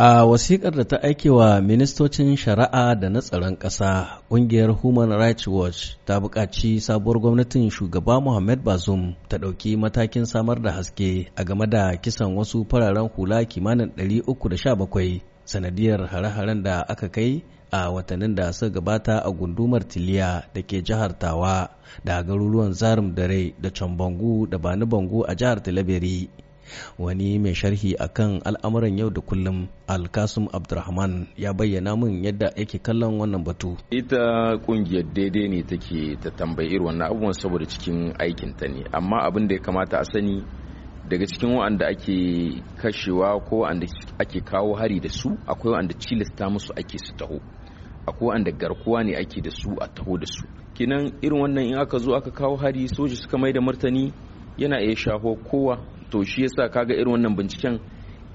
A wasikar da ta aike wa ministocin shari'a da na tsaron ƙasa, ƙungiyar Human Rights Watch ta buƙaci sabuwar gwamnatin shugaba Muhammad Bazoum ta ɗauki matakin samar da haske a game da kisan wasu fararen hula kimanin 317 sanadiyar hare-haren da aka kai a watannin da suka gabata a gundumar Tiliya da ke jihar Tawa da garuruwan Zarum da Rai da Cambangu da Bani Bangu a jihar Talabiri. wani mai sharhi akan al'amuran yau da kullum alkasum abdurrahman ya bayyana min yadda yake kallon wannan batu ita kungiyar daidai ne take ta tambayi irin wannan abubuwan saboda cikin aikin ta ne amma abin da ya kamata a sani daga cikin wa'anda ake kashewa ko wa'anda ake kawo hari da su akwai wa'anda cilasta musu ake su taho akwai wa'anda garkuwa ne ake da su a taho da su kinan irin wannan in aka zo aka kawo hari soji suka mai da martani yana iya shaho kowa to shi yasa kaga irin wannan binciken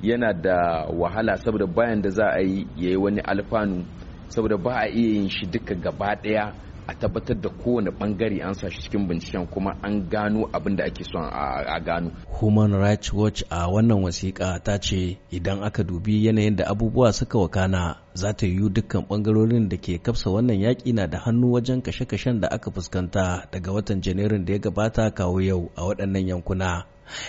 yana da wahala saboda bayan da za a yi ya yi wani alfanu saboda ba a iya yin shi duka gaba ɗaya a tabbatar da kowane bangare an sa shi cikin binciken kuma an gano abin da ake son a gano. Human Rights Watch a wannan wasiƙa ta ce idan aka dubi yanayin da abubuwa suka wakana za ta yiwu dukkan bangarorin da ke kafsa wannan yaƙi na da hannu wajen kashe-kashen da aka fuskanta daga watan Janairun da ya gabata kawo yau a waɗannan yankuna.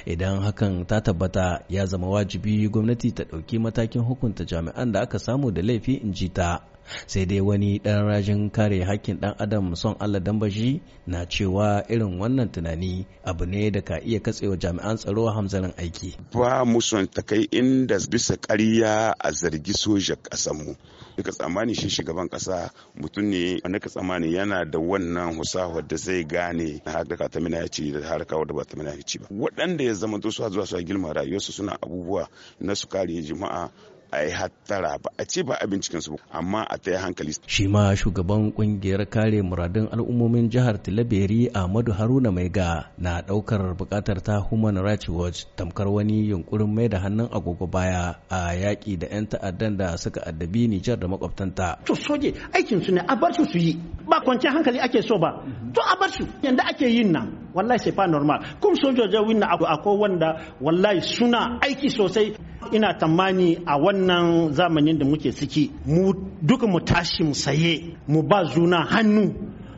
idan hakan ta tabbata ya zama wajibi gwamnati ta ɗauki matakin hukunta jami'an da aka samu da laifi in ji ta sai dai wani ɗan rajin kare hakkin ɗan adam son allah dan bashi na cewa irin wannan tunani abu ne da ka iya katsewa jami'an tsaro hamzarin aiki ba mu son ta kai inda bisa ƙarya a zargi soja ƙasanmu duka tsammani shi shugaban ƙasa mutum ne wani ka tsammani yana da wannan husa da zai gane na haɗaka ta da harkar wadda ba ta minaci ba waɗanda ya zama su zuwa su girma rayuwarsu suna abubuwa na su kare jama'a a yi hattara ba a ce ba a binciken su amma a ta yi hankali. Shi ma shugaban kungiyar kare muradun al'ummomin jihar Tilaberi Ahmadu Haruna Maiga na daukar bukatar ta Human Rights Watch tamkar wani yunkurin mai da hannun agogo baya a yaƙi da 'yan ta'addan da suka addabi Nijar da makwabtanta. To soje aikin su ne a bar su su yi ba kwanciyar hankali ake so ba to a bar su yanda ake yin nan wallahi sai fa normal kuma sojojin winna akwai wanda wallahi suna aiki sosai ina tamani a wannan zamanin da muke siki mu duka mu tashi mu saye mu ba juna hannu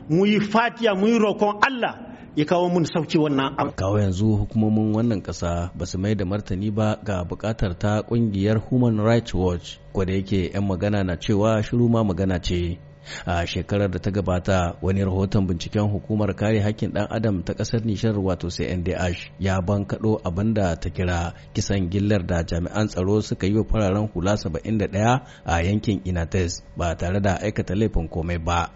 mu yi fatiya mu yi roƙon Allah ya kawo mun sauki wannan abu. Kawo yanzu hukumomin wannan ƙasa ba su mai da martani ba ga buƙatar ta ƙungiyar Human Rights Watch, kwada yake 'yan magana na cewa shiru ma magana ce. a shekarar da ta gabata wani rahoton binciken hukumar kare hakkin ɗan adam ta ƙasar nishar wato cndh ya bankaɗo abin da ta kira kisan gillar da jami'an tsaro suka yi wa fararen hula 71 a yankin inates ba tare da aikata laifin komai ba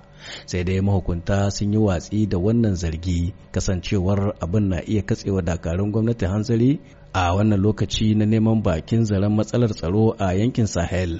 sai dai mahukunta sun yi watsi da wannan zargi kasancewar abin na iya katsewa dakarun gwamnati hanzari a wannan lokaci na neman bakin zaren matsalar tsaro a yankin sahel